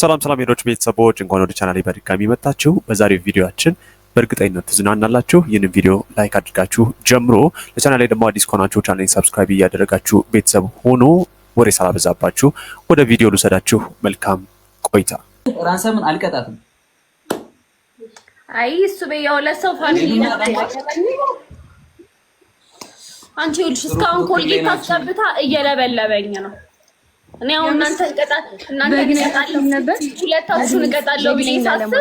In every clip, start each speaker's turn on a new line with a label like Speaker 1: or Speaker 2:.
Speaker 1: ሰላም ሰላም ሄዶች ቤተሰቦች እንኳን ወደ ቻናሌ በድጋሚ መጣችሁ። በዛሬው ቪዲዮአችን በእርግጠኝነት ትዝናናላችሁ። ይህንን ቪዲዮ ላይክ አድርጋችሁ ጀምሮ ለቻናሌ ደግሞ አዲስ ከሆናችሁ ቻናሌን ሰብስክራይብ እያደረጋችሁ ቤተሰብ ሆኖ ወሬ ሳላበዛባችሁ ወደ ቪዲዮ ልውሰዳችሁ። መልካም ቆይታ።
Speaker 2: ራንሰምን አልቀጣትም።
Speaker 3: አይ እሱ በያው ለሰው ፋሚሊ ነው። አንቺ ሁልሽ እስካሁን ኮልጌት አስጠብታ እየለበለበኝ ነው እኔ አሁን እናንተ ሁለታችሁን እቀጣለሁ ብዬ ሳስብ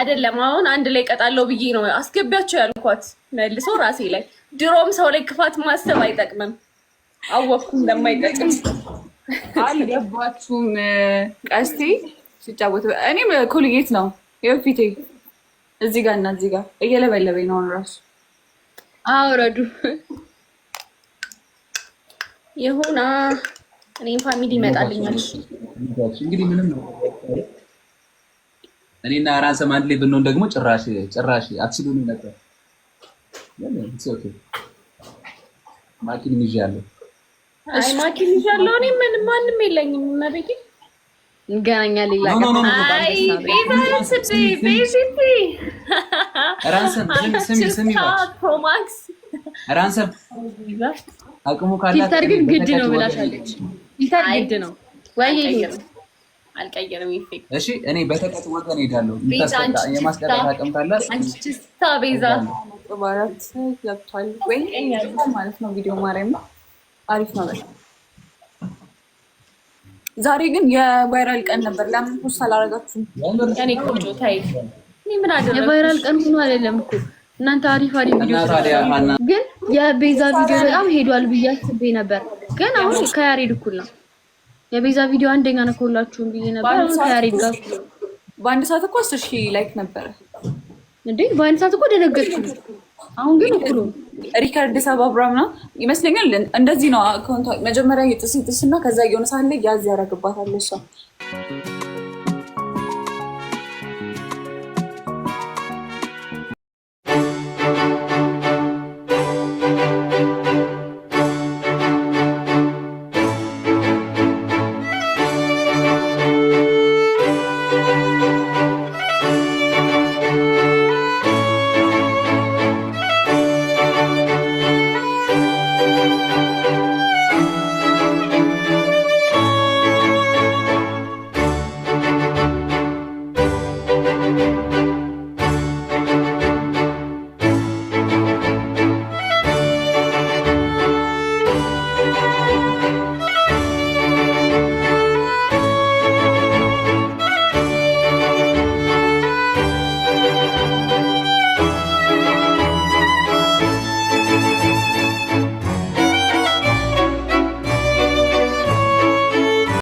Speaker 3: አይደለም፣ አሁን አንድ ላይ እቀጣለሁ ብዬ ነው አስገቢያቸው ያልኳት። መልሶ ራሴ ላይ ድሮም ሰው ላይ ክፋት ማሰብ አይጠቅምም። አወቅኩ እንደማይጠቅም
Speaker 2: አልገባችሁም። ቀስቴ ሲጫወት እኔም ኮልጌት ነው የፊቴ እዚህ ጋር እና እዚህ ጋር እየለበለበኝ ነው አሁን ራሱ
Speaker 3: አውረዱ ይሁና እኔም ፋሚሊ ይመጣልኛል። እንግዲህ ምንም ነው
Speaker 1: እኔና ራንሰም አንድ ላይ ብንሆን ደግሞ ጭራሽ ጭራሽ ነበር። ማኪን
Speaker 3: አይ ማኪን እኔ ምን ማንም የለኝም። መቤቴ
Speaker 1: አቅሙ ካላት ግን ግድ ነው ብላሻለች።
Speaker 3: ፊልተር ግድ ነው ወይ? አልቀየርም።
Speaker 1: እሺ እኔ በተቀጥ ወገን ሄዳለሁ። የማስቀረት አቅም ካላት
Speaker 3: ስታ ቤዛ
Speaker 2: ወይ ማለት ነው። ቪዲዮ ማርያም አሪፍ ነው። ዛሬ ግን የቫይራል ቀን ነበር። ለምን ፖስት አላረጋችሁም?
Speaker 3: እኔ ቆጮ ታይ ምን የቫይራል ቀን ሆኖ አይደለም እኮ እናንተ አሪፍ አሪፍ ቪዲዮ ግን የቤዛ ቪዲዮ በጣም ሄዷል ብዬ አስቤ ነበር ግን አሁን ከያሬድ እኩል ነው። የቤዛ ቪዲዮ አንደኛ ነው ከሁላችሁም ብዬ ነበር። አሁን ከያሬድ ጋር
Speaker 2: በአንድ ሰዓት እኮ አስር ሺህ ላይክ ነበረ
Speaker 3: እንዴ! በአንድ ሰዓት እኮ ደነገጥኩ። አሁን ግን እኩሉ
Speaker 2: ሪካርድ ሰባብራም ነው ይመስለኛል። እንደዚህ ነው መጀመሪያ የጥስ ጥስና ከዛ የሆነ ሰዓት ላይ ያዝ ያደርግባታል እሷ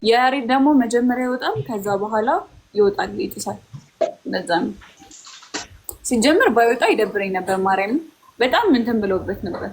Speaker 2: የያሬድ ደግሞ መጀመሪያ ይወጣል፣ ከዛ በኋላ ይወጣል፣ ይጥሳል። እንደዛ ነው። ሲጀምር ባይወጣ ይደብረኝ ነበር። ማርያም በጣም እንትን ብለውበት ነበር።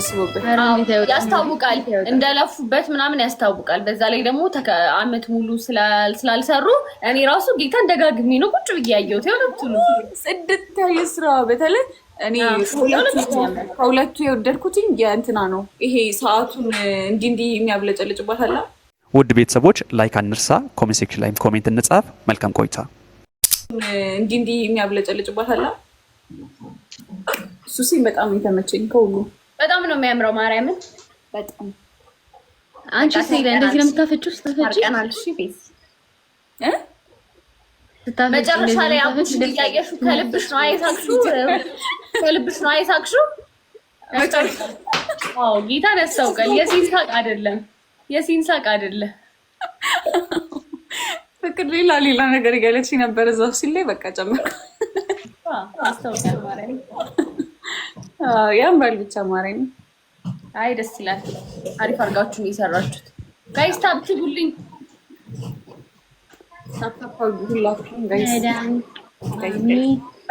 Speaker 2: አስቦበት
Speaker 3: ያስታውቃል፣ እንደለፉበት ምናምን ያስታውቃል። በዛ ላይ ደግሞ አመት ሙሉ ስላልሰሩ እኔ ራሱ ጌታን ደጋግሜ ነው ቁጭ ብዬ ያየሁት። የሁለቱ
Speaker 2: ጽድት ያየ ስራ። በተለይ እኔ ከሁለቱ የወደድኩትኝ የእንትና ነው ይሄ ሰዓቱን እንዲህ እንዲህ የሚያብለጨልጭባት አለ።
Speaker 1: ውድ ቤተሰቦች ላይክ አንርሳ፣ ኮሜንት ሴክሽን ላይም ኮሜንት እንጻፍ። መልካም ቆይታ።
Speaker 2: እንዲህ እንዲህ የሚያብለጨልጭባት አለ። እሱ ሲም በጣም የተመቸኝ ከሁሉ
Speaker 3: ነው የሚያምረው። ማርያምን በጣም አንቺ ሲል እንደዚህ ነው የምታፈጪው። ስታፈጪ መጨረሻ ላይ አሁን እያየሽው ከልብሽ ነው አይሳቅሽው፣ ከልብሽ ነው አይሳቅሽው። አዎ ጌታን ያስታውቃል። የሲን ሳቅ አይደለም፣ የሲን ሳቅ አይደለም።
Speaker 2: ፍቅር ሌላ ሌላ ነገር እያለች ነበር እዛው ሲል ላይ በቃ ጨምር ያምራል ብቻ ማርያም
Speaker 3: አይ ደስ ይላል። አሪፍ አድርጋችሁ ነው የሰራችሁት። ጋይስ ታብ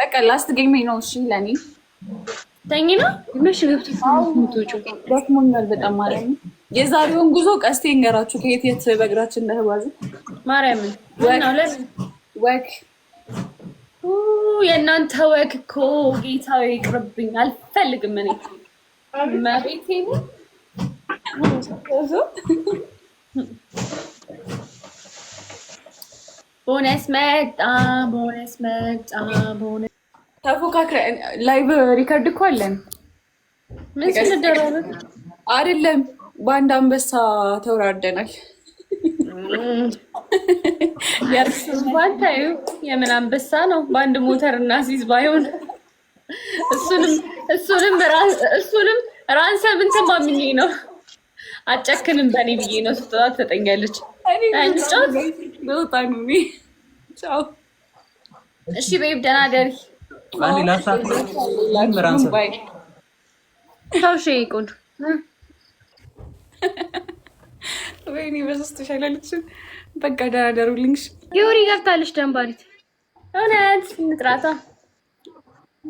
Speaker 2: በቃ ላስት ገኝ ነው። እሺ ለኔ
Speaker 3: ተኝ ነው ገብቶ
Speaker 2: ደክሞኛል በጣም ነው። የዛሬውን ጉዞ ቀስቴ እንገራችሁ ከየት የት በእግራችን እንደተጓዝ ማርያም። ወክ
Speaker 3: የእናንተ ወክ እኮ ጌታዊ ይቅርብኝ አልፈልግም እኔ ቦነስ መጣ ቦነስ መጣ
Speaker 2: ቦነስ ተፎካክረን ላይቭ ሪከርድ እኮ አለን።
Speaker 3: ምን ስንደራረግ
Speaker 2: አይደለም፣ በአንድ አንበሳ ተወራርደናል።
Speaker 3: የምን አንበሳ ነው? በአንድ ሞተር እና ሲዝ ባይሆን እሱንም እሱንም እሱንም ራንሰም ምን ማምኝ ነው አጨክንም በእኔ ብዬ ነው ስጦታ ትሰጠኛለች። እሺ በይብ ደህና ደሪ ታውሽ ቆንጆ
Speaker 2: ወይኔ በሶስት ሻላለችን በቃ ደህና ደሩልኝ።
Speaker 3: ዮሪ ገብታለች ደንባሪት እውነት እንጥራታ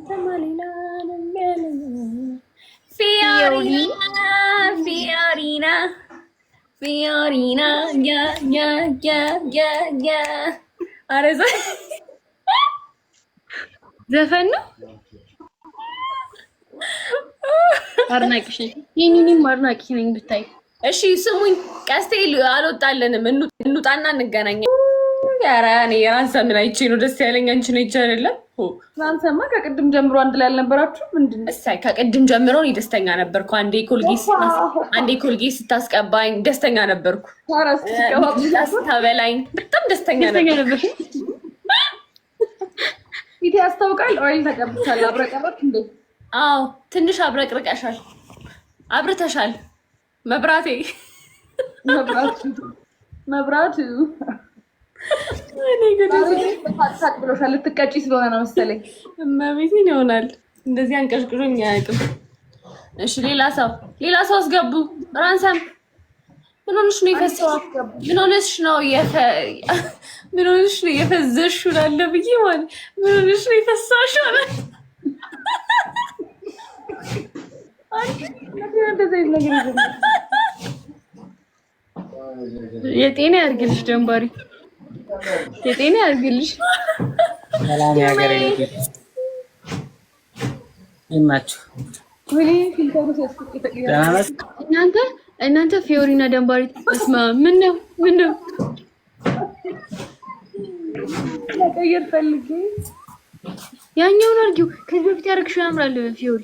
Speaker 3: ፊዮሪና ፊዮሪና አረዛ ዘፈን ነው። አድናቂሽ ነኝ የኔንም አድናቂሽ ነኝ ብታይ። እሺ ስሙኝ፣ ቀስቴል አልወጣለንም። እንውጣና እንገናኛለን። ኧረ እኔ የራሳ ምን አይቼ ነው ደስ ያለኝ አንቺን አይቼ አይደለም።
Speaker 2: አንተማ ከቅድም ጀምሮ አንድ ላይ አልነበራችሁ?
Speaker 3: ምንድን ነው? እሰይ ከቅድም ጀምሮ እኔ ደስተኛ ነበርኩ። አንዴ ኮልጌ አንዴ ኮልጌ ስታስቀባኝ ደስተኛ ነበርኩ። ስታበላኝ በጣም ደስተኛ ነበር።
Speaker 2: ፊቴ ያስታውቃል። ኦይል ተቀብቻል። አብረቀረቅ እንዴ?
Speaker 3: አዎ ትንሽ አብረቅርቀሻል፣ አብርተሻል። መብራቴ
Speaker 2: መብራቱ መብራቱ ብሎሻል። ልትቀጪ ስለሆነ ነው መሰለኝ።
Speaker 3: እመቤቴን ይሆናል። እንደዚህ አንቀሽቅሾኝ አያውቅም። እሺ፣ ሌላ ሰው ሌላ ሰው አስገቡ። ራንሰም ምን ሆነሽ ነው የፈሰው? ምን ሆነሽ ነው የፈ ምን ሆነሽ ነው ብዬ ማለት ምን ሆነሽ ነው የጤና ያርግልሽ ደንባሪ የጤና ያርግልሽ።
Speaker 1: ሰላም ያገር ናቸው።
Speaker 3: እናንተ እናንተ ፊዮሪና ደንባሪ ተስማ ምን ነው ምን ነው
Speaker 2: መቀየር ፈልጌ
Speaker 3: ያኛውን አድርጊው። ከዚህ በፊት ያደረግሽው ያምራል ፊዮሪ